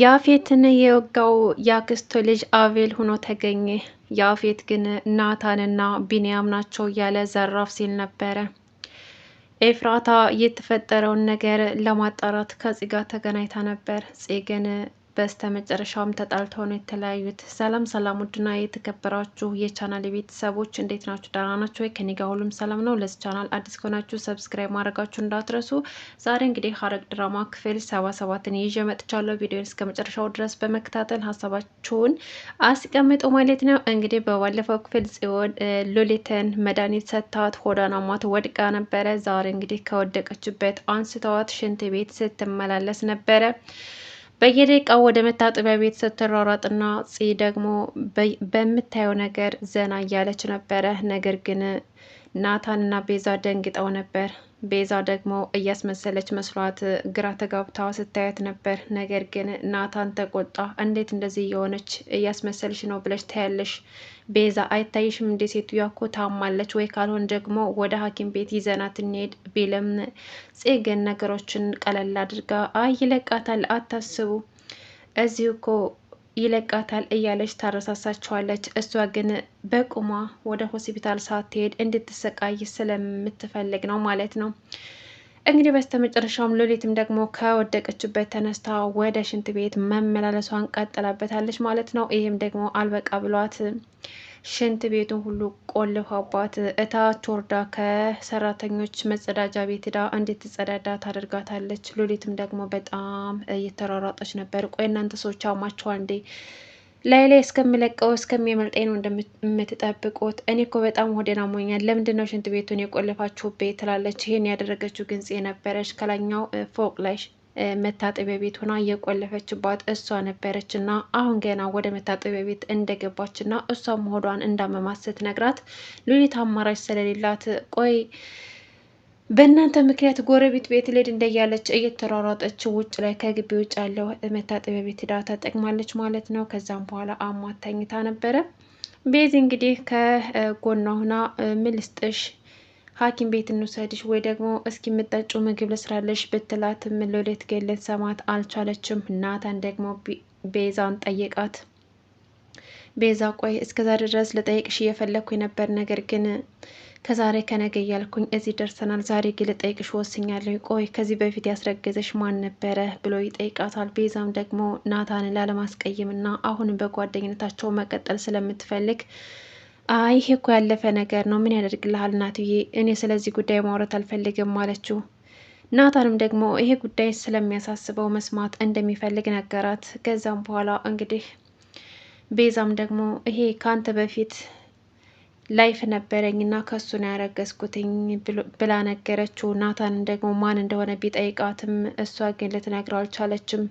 ያፌትን የወጋው ያክስቶ ልጅ አቤል ሆኖ ተገኘ። ያፌት ግን ናታንና ቢንያም ናቸው እያለ ዘራፍ ሲል ነበረ። ኤፍራታ የተፈጠረውን ነገር ለማጣራት ከጽጋ ተገናኝታ ነበር። ጽግን መጨረሻውም ተጣልተው ነው የተለያዩት። ሰላም ሰላም፣ ውድና የተከበራችሁ የቻናል የቤተሰቦች እንዴት ናችሁ? ደህና ናችሁ ወይ? ከኔ ጋር ሁሉም ሰላም ነው። ለዚህ ቻናል አዲስ ከሆናችሁ ሰብስክራይብ ማድረጋችሁ እንዳትረሱ። ዛሬ እንግዲህ ሐረግ ድራማ ክፍል ሰባ ሰባትን ይዤ መጥቻለሁ። ቪዲዮን እስከ መጨረሻው ድረስ በመከታተል ሀሳባችሁን አስቀምጡ ማለት ነው። እንግዲህ በባለፈው ክፍል ጽዮን ሉሊትን መድኃኒት ሰጥታት ሆዷን አሟት ወድቃ ነበረ። ዛሬ እንግዲህ ከወደቀችበት አንስተዋት ሽንት ቤት ስትመላለስ ነበረ። በየደቂቃው ወደ መታጠቢያ ቤት ስትሯሯጥና ፂ ደግሞ በምታየው ነገር ዘና እያለች ነበረ። ነገር ግን ናታንና ቤዛ ደንግጠው ነበር። ቤዛ ደግሞ እያስመሰለች መስሏት ግራ ተጋብታ ስታያት ነበር። ነገር ግን ናታን ተቆጣ። እንዴት እንደዚህ እየሆነች እያስመሰለች ነው ብለሽ ታያለሽ? ቤዛ አይታይሽም እንዴ? ሴትዮዋ እኮ ታማለች፣ ወይ ካልሆን ደግሞ ወደ ሐኪም ቤት ይዘናት እንሄድ ቢልም ጽጌን ነገሮችን ቀለል አድርጋ አይ ይለቃታል፣ አታስቡ እዚሁ እኮ ይለቃታል እያለች ታረሳሳቸዋለች። እሷ ግን በቁሟ ወደ ሆስፒታል ሳትሄድ እንድትሰቃይ ስለምትፈልግ ነው ማለት ነው። እንግዲህ በስተመጨረሻውም ሎሌትም ደግሞ ከወደቀችበት ተነስታ ወደ ሽንት ቤት መመላለሷን ቀጥላበታለች ማለት ነው። ይህም ደግሞ አልበቃ ብሏት ሽንት ቤቱን ሁሉ ቆልፋባት እታች ወርዳ ከሰራተኞች መጸዳጃ ቤት ዳ እንድትጸዳዳ ታደርጋታለች። ሉሊትም ደግሞ በጣም እየተሯሯጠች ነበር። ቆይ እናንተ ሰዎች አማችኋል እንዴ? ላይ ላይ እስከምለቀው እስከሚመልጠኝ ነው እንደምትጠብቁት? እኔ እኮ በጣም ሆዴን አሞኛል። ለምንድን ነው ሽንት ቤቱን ቤት ትላለች። ይሄን ያደረገችው ግንጽ የነበረች ከላኛው ፎቅ ላይ መታጠቢያ ቤት ሆና የቆለፈችባት እሷ ነበረች እና አሁን ገና ወደ መታጠቢያ ቤት እንደገባች እና እሷ ሆዷን እንዳመማት ስትነግራት ሉሊት አማራጭ ስለሌላት ቆይ በእናንተ ምክንያት ጎረቤት ቤት ልሄድ እንደያለች እየተሯሯጠች ውጭ ላይ ከግቢ ውጭ ያለው መታጠቢያ ቤት ሄዳ ተጠቅማለች ማለት ነው። ከዛም በኋላ አሟት ተኝታ ነበረ። ቤዚ እንግዲህ ከጎኗ ሁና ምን ልስጥሽ ሐኪም ቤት እንውሰድሽ ወይ ደግሞ እስኪ የምጠጩ ምግብ ልስራለሽ ብትላት ምሎሌት ገለት ሰማት አልቻለችም። ናታን ደግሞ ቤዛን ጠየቃት። ቤዛ ቆይ እስከዛ ድረስ ልጠይቅሽ እየፈለግኩ የነበር ነገር ግን ከዛሬ ከነገ እያልኩኝ እዚህ ደርሰናል። ዛሬ ግን ልጠይቅሽ ወስኛለሁ። ቆይ ከዚህ በፊት ያስረገዘሽ ማን ነበረ ብሎ ይጠይቃታል። ቤዛም ደግሞ ናታንን ላለማስቀየምና አሁንም በጓደኝነታቸው መቀጠል ስለምትፈልግ አይሄ ይሄ እኮ ያለፈ ነገር ነው፣ ምን ያደርግልሃል እናትዬ፣ እኔ ስለዚህ ጉዳይ ማውረት አልፈልግም አለችው። ናታንም ደግሞ ይሄ ጉዳይ ስለሚያሳስበው መስማት እንደሚፈልግ ነገራት። ከዛም በኋላ እንግዲህ ቤዛም ደግሞ ይሄ ከአንተ በፊት ላይፍ ነበረኝ እና ከሱ ነው ያረገዝኩትኝ ብላ ነገረችው። ናታን ደግሞ ማን እንደሆነ ቢጠይቃትም እሷ ግን ልትነግረው አልቻለችም።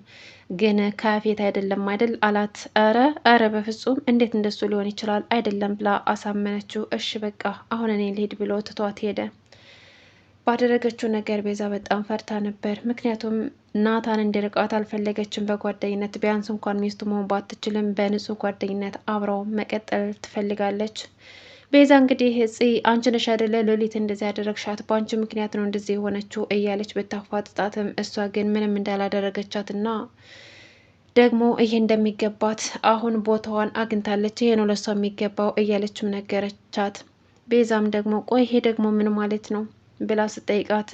ግን ከፌት አይደለም አይደል አላት። ረ ረ በፍጹም እንዴት እንደሱ ሊሆን ይችላል አይደለም ብላ አሳመነችው። እሺ በቃ አሁን እኔ ልሄድ ብሎ ትቷት ሄደ። ባደረገችው ነገር ቤዛ በጣም ፈርታ ነበር። ምክንያቱም ናታን እንዲርቃት አልፈለገችም። በጓደኝነት ቢያንስ እንኳን ሚስቱ መሆን ባትችልም በንጹህ ጓደኝነት አብረው መቀጠል ትፈልጋለች። ቤዛ እንግዲህ እጽ አንቺ ነሽ አይደለ ሎሊት እንደዚህ ያደረግሻት በአንቺ ምክንያት ነው እንደዚህ የሆነችው እያለች ብታፋጥጣትም እሷ ግን ምንም እንዳላደረገቻትና ደግሞ ይሄ እንደሚገባት አሁን ቦታዋን አግኝታለች፣ ይሄ ነው ለሷ የሚገባው እያለችም ነገረቻት። ቤዛም ደግሞ ቆይ ይሄ ደግሞ ምን ማለት ነው ብላ ስጠይቃት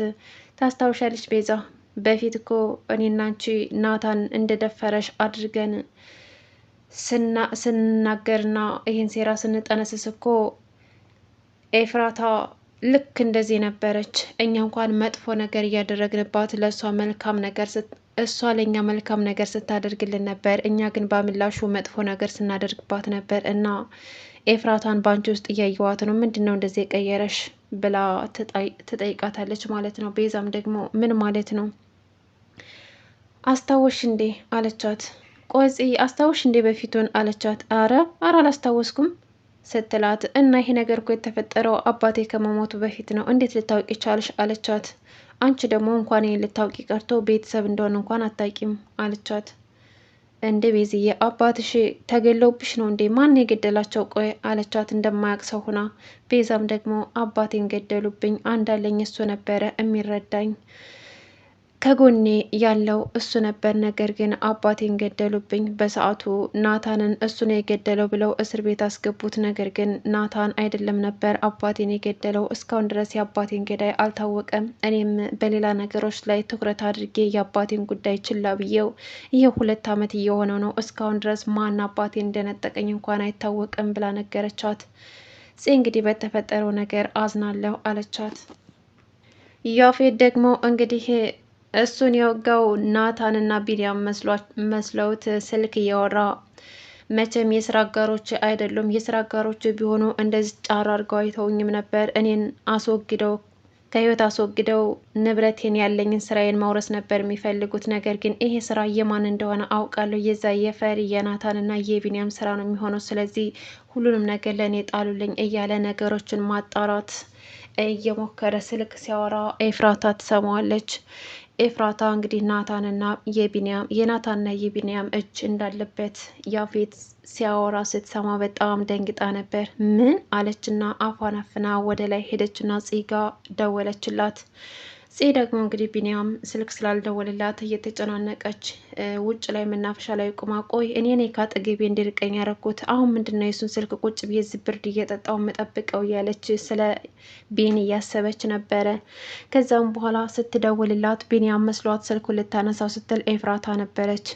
ታስታውሻለች ቤዛ በፊት እኮ እኔና አንቺ ናታን እንደደፈረሽ አድርገን ስናገርና ይህን ሴራ ስንጠነስስ እኮ ኤፍራታ ልክ እንደዚህ ነበረች። እኛ እንኳን መጥፎ ነገር እያደረግንባት ለእሷ መልካም ነገር እሷ ለእኛ መልካም ነገር ስታደርግልን ነበር። እኛ ግን በምላሹ መጥፎ ነገር ስናደርግባት ነበር እና ኤፍራታን በአንቺ ውስጥ እያየዋት ነው። ምንድን ነው እንደዚህ የቀየረሽ ብላ ትጠይቃታለች ማለት ነው። ቤዛም ደግሞ ምን ማለት ነው አስታወሽ እንዴ አለቻት። ቆፂ አስታወሽ እንዴ በፊቱን አለቻት። አረ አረ አላስታወስኩም ስትላት እና ይሄ ነገር እኮ የተፈጠረው አባቴ ከመሞቱ በፊት ነው እንዴት ልታውቂ ቻልሽ? አለቻት። አንቺ ደግሞ እንኳን ይሄን ልታውቂ ቀርቶ ቤተሰብ እንደሆነ እንኳን አታውቂም አለቻት። እንዴ ቤዝዬ አባትሽ ተገለውብሽ ነው እንዴ? ማን የገደላቸው? ቆይ አለቻት እንደማያውቅ ሰው ሁና። ቤዛም ደግሞ አባቴን ገደሉብኝ፣ አንዳለኝ እሱ ነበረ የሚረዳኝ ከጎኔ ያለው እሱ ነበር። ነገር ግን አባቴን ገደሉብኝ። በሰዓቱ ናታንን እሱ ነው የገደለው ብለው እስር ቤት አስገቡት። ነገር ግን ናታን አይደለም ነበር አባቴን የገደለው። እስካሁን ድረስ የአባቴን ገዳይ አልታወቀም። እኔም በሌላ ነገሮች ላይ ትኩረት አድርጌ የአባቴን ጉዳይ ችላ ብዬው ይህ ሁለት ዓመት እየሆነው ነው። እስካሁን ድረስ ማን አባቴን እንደነጠቀኝ እንኳን አይታወቅም ብላ ነገረቻት። ጽ እንግዲህ በተፈጠረው ነገር አዝናለሁ አለቻት። ያፌት ደግሞ እንግዲህ እሱን የወጋው ናታንና ቢንያም መስለውት ስልክ እያወራ መቼም የስራ አጋሮች አይደሉም። የስራ አጋሮች ቢሆኑ እንደዚህ ጫራ አድርገው አይተውኝም ነበር። እኔን አስወግደው ከህይወት አስወግደው ንብረቴን ያለኝን ስራዬን ማውረስ ነበር የሚፈልጉት። ነገር ግን ይሄ ስራ የማን እንደሆነ አውቃለሁ። የዛ የፈሪ የናታንና የቢንያም ስራ ነው የሚሆነው። ስለዚህ ሁሉንም ነገር ለእኔ ጣሉልኝ እያለ ነገሮችን ማጣራት እየሞከረ ስልክ ሲያወራ ኤፍራታ ትሰማዋለች። ኤፍራታ እንግዲህ ናታንና የቢንያም የናታንና የቢንያም እጅ እንዳለበት ያፌት ሲያወራ ስትሰማ በጣም ደንግጣ ነበር። ምን አለችና አፏን አፍና ወደ ላይ ሄደችና ጽጋ ደወለችላት። ጽ ደግሞ እንግዲህ ቢኒያም ስልክ ስላልደወልላት እየተጨናነቀች ውጭ ላይ መናፈሻ ላይ ቁማ ቆይ እኔ ነኝ ካጠገቤ እንዲርቀኝ ያረኩት አሁን ምንድን ነው የሱን ስልክ ቁጭ ብዬ ዝብርድ እየጠጣው መጠብቀው እያለች ስለ ቤን እያሰበች ነበረ። ከዛም በኋላ ስትደውልላት ቢኒያም መስሏት ስልኩ ልታነሳው ስትል ኤፍራታ ነበረች።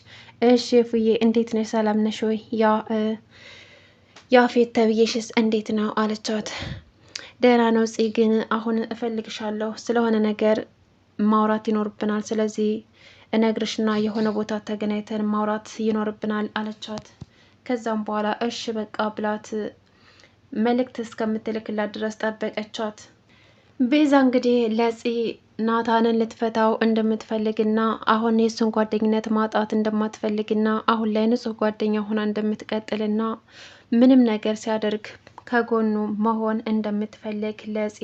እሺ ፉዬ እንዴት ነሽ? ሰላም ነሽ ወይ? ያ ያፌት ተብዬሽስ እንዴት ነው አለቻት። ደህና ነው ጽ ግን አሁን እፈልግሻለሁ ስለሆነ ነገር ማውራት ይኖርብናል። ስለዚህ እነግርሽና የሆነ ቦታ ተገናኝተን ማውራት ይኖርብናል አለቻት። ከዛም በኋላ እሺ በቃ ብላት መልእክት እስከምትልክላት ድረስ ጠበቀቻት። ቤዛ እንግዲህ ለፂ ናታንን ልትፈታው እንደምትፈልግና አሁን የእሱን ጓደኝነት ማጣት እንደማትፈልግና አሁን ላይ ንጹሕ ጓደኛ ሆና እንደምትቀጥልና ምንም ነገር ሲያደርግ ከጎኑ መሆን እንደምትፈልግ ለጽ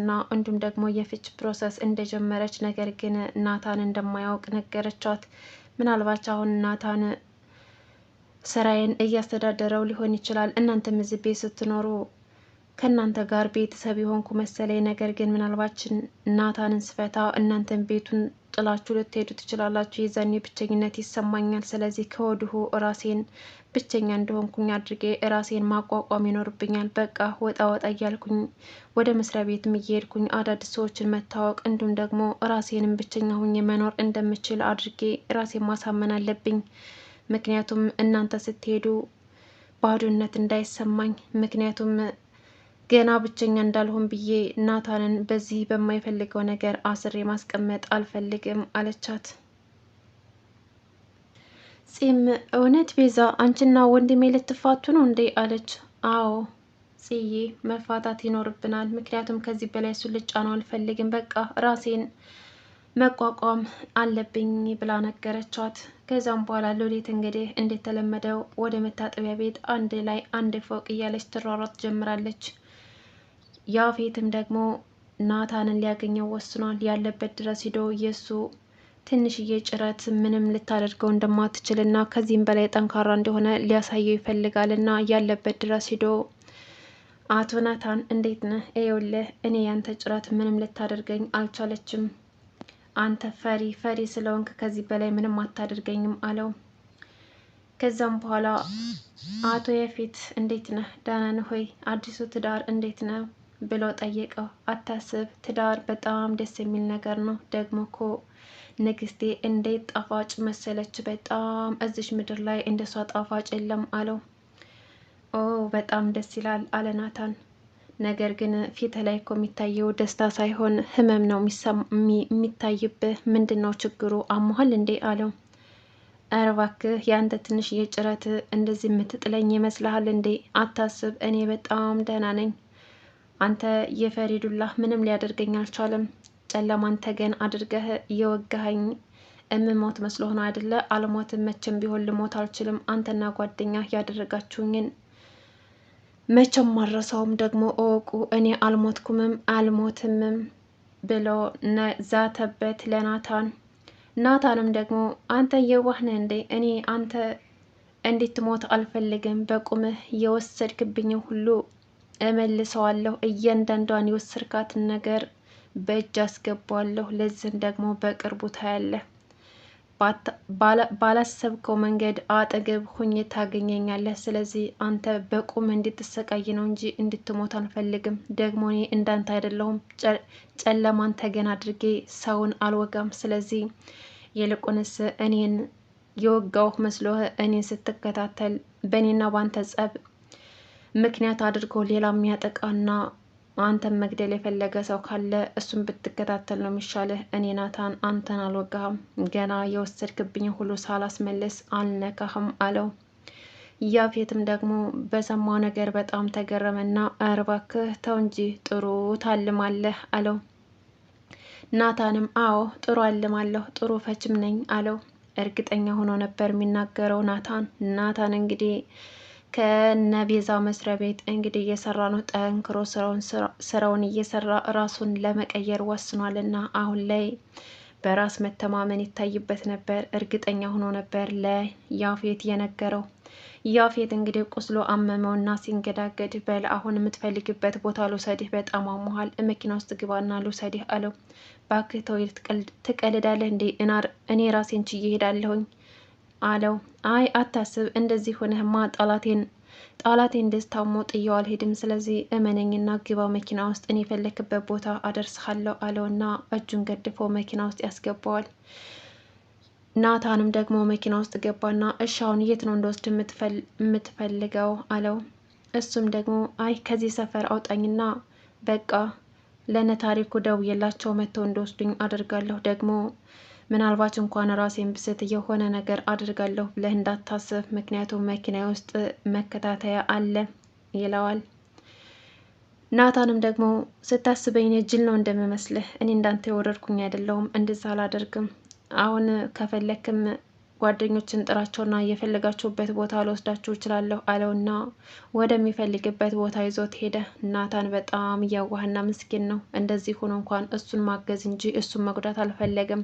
እና እንዲሁም ደግሞ የፍች ፕሮሰስ እንደጀመረች ነገር ግን ናታን እንደማያውቅ ነገረቻት። ምናልባት አሁን ናታን ስራዬን እያስተዳደረው ሊሆን ይችላል፣ እናንተም እዚህ ቤት ስትኖሩ ከእናንተ ጋር ቤተሰብ የሆንኩ መሰለኝ፣ ነገር ግን ምናልባችን ናታንን ስፈታ እናንተን ቤቱን ጥላችሁ ልትሄዱ ትችላላችሁ። የዛኔ ብቸኝነት ይሰማኛል። ስለዚህ ከወዲሁ ራሴን ብቸኛ እንደሆንኩኝ አድርጌ ራሴን ማቋቋም ይኖርብኛል። በቃ ወጣ ወጣ እያልኩኝ ወደ መስሪያ ቤትም እየሄድኩኝ አዳዲስ ሰዎችን መታወቅ እንዲሁም ደግሞ ራሴንም ብቸኛ ሁኜ መኖር እንደምችል አድርጌ ራሴን ማሳመን አለብኝ። ምክንያቱም እናንተ ስትሄዱ ባዶነት እንዳይሰማኝ ምክንያቱም ገና ብቸኛ እንዳልሆን ብዬ ናታንን በዚህ በማይፈልገው ነገር አስሬ ማስቀመጥ አልፈልግም አለቻት። ጺም እውነት ቤዛ አንቺና ወንድሜ ልትፋቱ ነው እንዴ? አለች። አዎ ጽዬ መፋታት ይኖርብናል። ምክንያቱም ከዚህ በላይ እሱን ልጫነው አልፈልግም። በቃ ራሴን መቋቋም አለብኝ ብላ ነገረቻት። ከዛም በኋላ ሎሌት እንግዲህ እንደተለመደው ወደ መታጠቢያ ቤት አንድ ላይ አንድ ፎቅ እያለች ትሯሯጥ ጀምራለች። ያፌትም ደግሞ ናታንን ሊያገኘው ወስኗል። ያለበት ድረስ ሂዶ የእሱ ትንሽዬ ጭረት ምንም ልታደርገው እንደማትችል እና ከዚህም በላይ ጠንካራ እንደሆነ ሊያሳየው ይፈልጋል እና ያለበት ድረስ ሂዶ አቶ ናታን እንዴት ነህ? ይኸውልህ እኔ ያንተ ጭረት ምንም ልታደርገኝ አልቻለችም። አንተ ፈሪ ፈሪ ስለሆንክ ከዚህ በላይ ምንም አታደርገኝም አለው። ከዛም በኋላ አቶ የፊት እንዴት ነህ? ደህና ነህ ሆይ? አዲሱ ትዳር እንዴት ነው? ብሎ ጠየቀው። አታስብ፣ ትዳር በጣም ደስ የሚል ነገር ነው። ደግሞ እኮ ንግስቴ እንዴት ጣፋጭ መሰለች! በጣም እዚሽ ምድር ላይ እንደሷ ጣፋጭ የለም አለው። ኦ በጣም ደስ ይላል አለ ናታን። ነገር ግን ፊት ላይ እኮ የሚታየው ደስታ ሳይሆን ህመም ነው የሚታይብህ። ምንድን ነው ችግሩ? አሞሃል እንዴ አለው። ኧረ እባክህ የአንተ ትንሽ የጭረት እንደዚህ የምትጥለኝ ይመስልሃል እንዴ? አታስብ፣ እኔ በጣም ደህና ነኝ አንተ የፈሪዱላህ ምንም ሊያደርገኝ አልቻለም። ጨለማን ተገን አድርገህ የወጋኸኝ እምሞት ሆነ አይደለ? አልሞትም፣ መቼም ቢሆን ልሞት አልችልም። አንተና ጓደኛህ ያደረጋችሁኝን መቼም ማረሰውም። ደግሞ እወቁ፣ እኔ አልሞትኩምም አልሞትምም ብሎ ዛተበት ለናታን። ናታንም ደግሞ አንተ የዋህ ነህ እንዴ? እኔ አንተ እንድትሞት አልፈልግም። በቁምህ የወሰድክብኝ ሁሉ እመልሰዋለሁ። እያንዳንዷን የወሰድካትን ነገር በእጅ አስገባዋለሁ። ለዚህም ደግሞ በቅርቡ ታያለህ። ባላሰብከው መንገድ አጠገብ ሁኜ ታገኘኛለህ። ስለዚህ አንተ በቁም እንድትሰቃይ ነው እንጂ እንድትሞት አልፈልግም። ደግሞ እኔ እንዳንተ አይደለሁም፣ ጨለማን ተገን አድርጌ ሰውን አልወጋም። ስለዚህ ይልቁንስ እኔን የወጋው መስሎህ እኔን ስትከታተል በእኔና ባንተ ጸብ ምክንያት አድርጎ ሌላ የሚያጠቃና አንተን መግደል የፈለገ ሰው ካለ እሱን ብትከታተል ነው የሚሻልህ። እኔ ናታን አንተን አልወጋህም፣ ገና የወሰድክብኝ ሁሉ ሳላስመልስ አልነካህም አለው። ያፌትም ደግሞ በሰማው ነገር በጣም ተገረመና እባክህ ተው እንጂ ጥሩ ታልማለህ አለው። ናታንም አዎ ጥሩ አልማለሁ፣ ጥሩ ፈችም ነኝ አለው። እርግጠኛ ሆኖ ነበር የሚናገረው ናታን ናታን እንግዲህ ከነ ከነቤዛ መስሪያ ቤት እንግዲህ እየሰራ ነው። ጠንክሮ ስራውን እየሰራ ራሱን ለመቀየር ወስኗል እና አሁን ላይ በራስ መተማመን ይታይበት ነበር። እርግጠኛ ሆኖ ነበር ለያፌት የነገረው። ያፌት እንግዲህ ቁስሎ አመመው አመመውና ሲንገዳገድ በል አሁን የምትፈልግበት ቦታ ልውሰድህ፣ በጣም አሞሃል፣ መኪና ውስጥ ግባና ልውሰድህ አለው። ባክህ ተወው፣ ትቀልዳለህ እንዴ? እኔ ራሴን ችዬ እሄዳለሁኝ አለው። አይ አታስብ፣ እንደዚህ ሆነህማ ጠላቴን ጠላቴን ደስታሞ ጥየው አልሄድም። ስለዚህ እመነኝና ግባ መኪና ውስጥ እኔ የፈለክበት ቦታ አደርስሃለሁ አለውና እጁን ገድፎ መኪና ውስጥ ያስገባዋል። ናታንም ደግሞ መኪና ውስጥ ገባና እሻውን የት ነው እንደወስድ የምትፈልገው አለው። እሱም ደግሞ አይ ከዚህ ሰፈር አውጣኝና በቃ ለነ ታሪኩ ደውዬላቸው መጥተው እንደወስዱኝ አደርጋለሁ ደግሞ ምናልባት እንኳን ራሴን ብስት የሆነ ነገር አድርጋለሁ ብለህ እንዳታስብ፣ ምክንያቱም መኪና ውስጥ መከታተያ አለ ይለዋል። ናታንም ደግሞ ስታስበኝ እኔ ጅል ነው እንደምመስልህ፣ እኔ እንዳንተ የወረድኩኝ አይደለሁም፣ እንደዛ አላደርግም። አሁን ከፈለክም ጓደኞችን ጥራቸውና የፈለጋችሁበት ቦታ ልወስዳችሁ እችላለሁ አለውና ወደሚፈልግበት ቦታ ይዞት ሄደ። ናታን በጣም እያዋህና ምስኪን ነው። እንደዚህ ሆኖ እንኳን እሱን ማገዝ እንጂ እሱን መጉዳት አልፈለግም።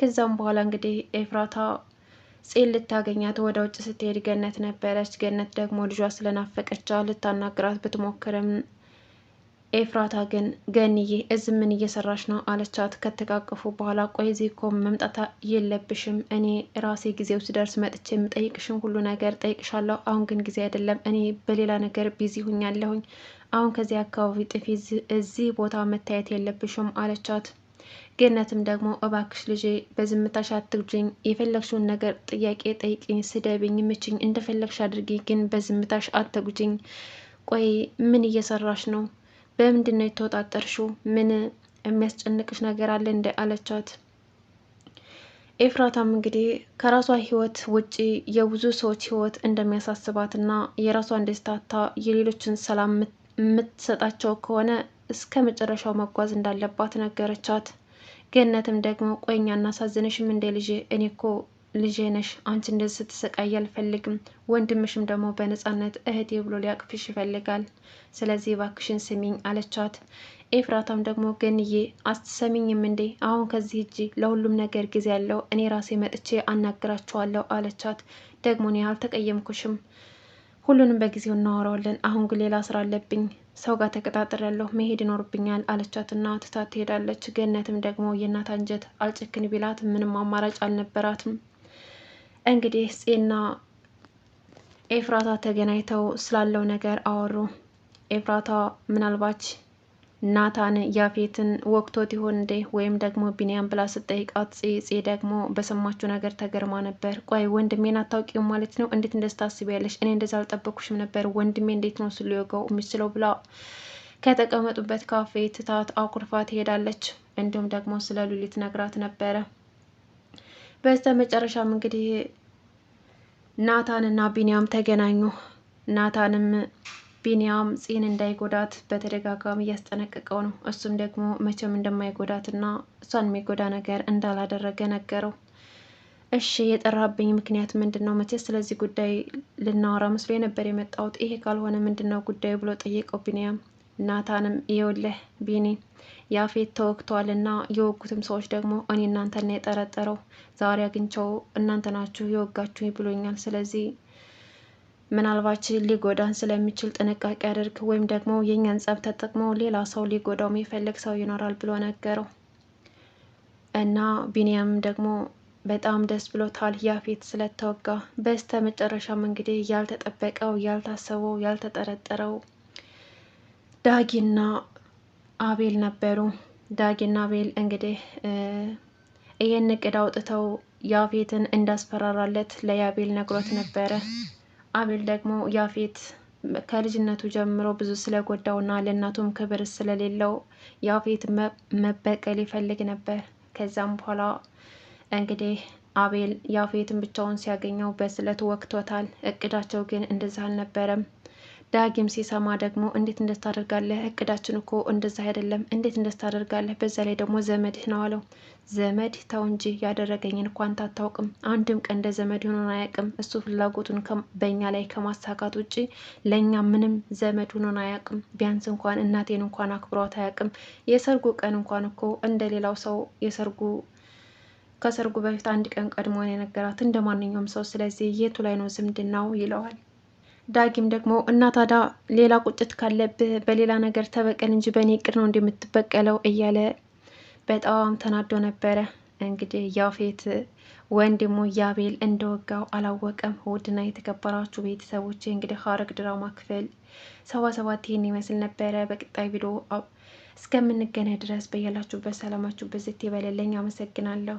ከዛም በኋላ እንግዲህ ኤፍራታ ፄን ልታገኛት ወደ ውጭ ስትሄድ ገነት ነበረች። ገነት ደግሞ ልጇ ስለናፈቀቻ ልታናግራት ብትሞክርም ኤፍራታ ግን ገንዬ እዚህ ምን እየሰራች ነው አለቻት። ከተቃቀፉ በኋላ ቆይ እዚህ እኮ መምጣት የለብሽም እኔ ራሴ ጊዜው ደርስ መጥቼ የምጠይቅሽን ሁሉ ነገር ጠይቅሻለሁ። አሁን ግን ጊዜ አይደለም፣ እኔ በሌላ ነገር ቢዚ ሁኛለሁኝ። አሁን ከዚህ አካባቢ ጥፊ፣ እዚህ ቦታ መታየት የለብሽም አለቻት። ገነትም ደግሞ እባክሽ ልጄ በዝምታሽ አትግጅኝ፣ የፈለግሽውን ነገር ጥያቄ ጠይቅኝ፣ ስደብኝ፣ ምችኝ፣ እንደፈለግሽ አድርጊ፣ ግን በዝምታሽ አትጉጅኝ። ቆይ ምን እየሰራሽ ነው? በምንድን ነው የተወጣጠርሽው? ምን የሚያስጨንቅሽ ነገር አለ እንደ አለቻት ኤፍራታም እንግዲህ ከራሷ ህይወት ውጪ የብዙ ሰዎች ህይወት እንደሚያሳስባትና የራሷን ደስታታ የሌሎችን ሰላም የምትሰጣቸው ከሆነ እስከ መጨረሻው መጓዝ እንዳለባት ነገረቻት። ገነትም ደግሞ ቆይኛ እናሳዝንሽም እንደ ልጄ እኔ ኮ ልጄ ነሽ አንቺ እንደዚህ ስትሰቃይ አልፈልግም። ወንድምሽም ደግሞ በነጻነት እህቴ ብሎ ሊያቅፍሽ ይፈልጋል። ስለዚህ ባክሽን ስሚኝ አለቻት። ኤፍራታም ደግሞ ገንዬ አትሰሚኝም እንዴ? አሁን ከዚህ እጅ ለሁሉም ነገር ጊዜ ያለው እኔ ራሴ መጥቼ አናግራችኋለሁ አለቻት። ደግሞ እኔ አልተቀየምኩሽም። ሁሉንም በጊዜው እናወራዋለን። አሁን ግን ሌላ ስራ አለብኝ። ሰው ጋር ተቀጣጠር ያለሁ መሄድ ይኖርብኛል አለቻትና ትታት ትሄዳለች። ገነትም ደግሞ የእናት አንጀት አልጭክን ቢላት ምንም አማራጭ አልነበራትም። እንግዲህ ጽና ኤፍራታ ተገናኝተው ስላለው ነገር አወሩ። ኤፍራታ ምናልባች ናታን ያፌትን ወቅቶት ይሆን እንዴ ወይም ደግሞ ቢንያም ብላ ስጠይቃት ጽ ደግሞ በሰማችው ነገር ተገርማ ነበር። ቆይ ወንድሜን አታውቂው ማለት ነው? እንዴት እንደዚህ ታስቢያለሽ? እኔ እንደዛ አልጠበኩሽም ነበር። ወንድሜ እንዴት ነው ስሊወጋው የሚችለው ብላ ከተቀመጡበት ካፌ ትታት አኩርፋ ትሄዳለች። እንዲሁም ደግሞ ስለ ሉሊት ነግራት ነበረ። በስተ መጨረሻም እንግዲህ ናታንና ቢንያም ተገናኙ። ናታንም ቢኒያም ጽን እንዳይጎዳት በተደጋጋሚ እያስጠነቀቀው ነው። እሱም ደግሞ መቼም እንደማይጎዳትና እሷን የሚጎዳ ነገር እንዳላደረገ ነገረው። እሺ የጠራብኝ ምክንያት ምንድን ነው? መቼ ስለዚህ ጉዳይ ልናወራ መስሎ ነበር የመጣሁት። ይሄ ካልሆነ ምንድን ነው ጉዳዩ ብሎ ጠየቀው ቢኒያም። ናታንም ይኸውልህ ቢኒ ያፌት እና የወጉትም ሰዎች ደግሞ እኔ እናንተና የጠረጠረው ዛሬ አግኝቼው እናንተ ናችሁ የወጋችሁ ብሎኛል። ስለዚህ ምናልባች ሊጎዳን ስለሚችል ጥንቃቄ አድርግ ወይም ደግሞ የእኛን ጸብ ተጠቅሞ ሌላ ሰው ሊጎዳው የሚፈልግ ሰው ይኖራል ብሎ ነገረው እና ቢንያም ደግሞ በጣም ደስ ብሎታል ያፌት ስለተወጋ። በስተ መጨረሻም እንግዲህ ያልተጠበቀው ያልታሰበው ያልተጠረጠረው ዳጊና አቤል ነበሩ። ዳጊና አቤል እንግዲህ ይህን እቅድ አውጥተው ያፌትን እንዳስፈራራለት ለያቤል ነግሮት ነበረ። አቤል ደግሞ ያፌት ከልጅነቱ ጀምሮ ብዙ ስለጎዳውና ለእናቱም ክብር ስለሌለው ያፌት መበቀል ይፈልግ ነበር። ከዛም በኋላ እንግዲህ አቤል ያፌትን ብቻውን ሲያገኘው በስለቱ ወቅቶታል። እቅዳቸው ግን እንደዛ አልነበረም። ዳግም ሲሰማ ደግሞ እንዴት እንደታደርጋለህ እቅዳችን እኮ እንደዛ አይደለም። እንዴት እንደታደርጋለህ በዛ ላይ ደግሞ ዘመድህ ነው አለው። ዘመድ ተው እንጂ ያደረገኝን እንኳን ታታውቅም አንድም ቀን እንደ ዘመድ ሆኖ አያውቅም። እሱ ፍላጎቱን በእኛ ላይ ከማሳካት ውጭ ለእኛ ምንም ዘመድ ሆኖ አያውቅም። ቢያንስ እንኳን እናቴን እንኳን አክብሯት አያውቅም። የሰርጉ ቀን እንኳን እኮ እንደ ሌላው ሰው የሰርጉ ከሰርጉ በፊት አንድ ቀን ቀድሞን የነገራት እንደ ማንኛውም ሰው። ስለዚህ የቱ ላይ ነው ዝምድናው ይለዋል። ዳጊም ደግሞ እናታዳ ሌላ ቁጭት ካለብህ በሌላ ነገር ተበቀል እንጂ በእኔ እቅድ ነው እንደምትበቀለው እያለ በጣም ተናዶ ነበረ። እንግዲህ ያፌት ወንድሙ ያቤል እንደወጋው አላወቀም። ውድና የተከበራችሁ ቤተሰቦች እንግዲህ ሐረግ ድራማ ክፍል ሰባ ሰባት ይህን ይመስል ነበረ። በቀጣይ ቪዲዮ እስከምንገናኝ ድረስ በያላችሁበት ሰላማችሁ ብዝት ይበልልኝ። አመሰግናለሁ።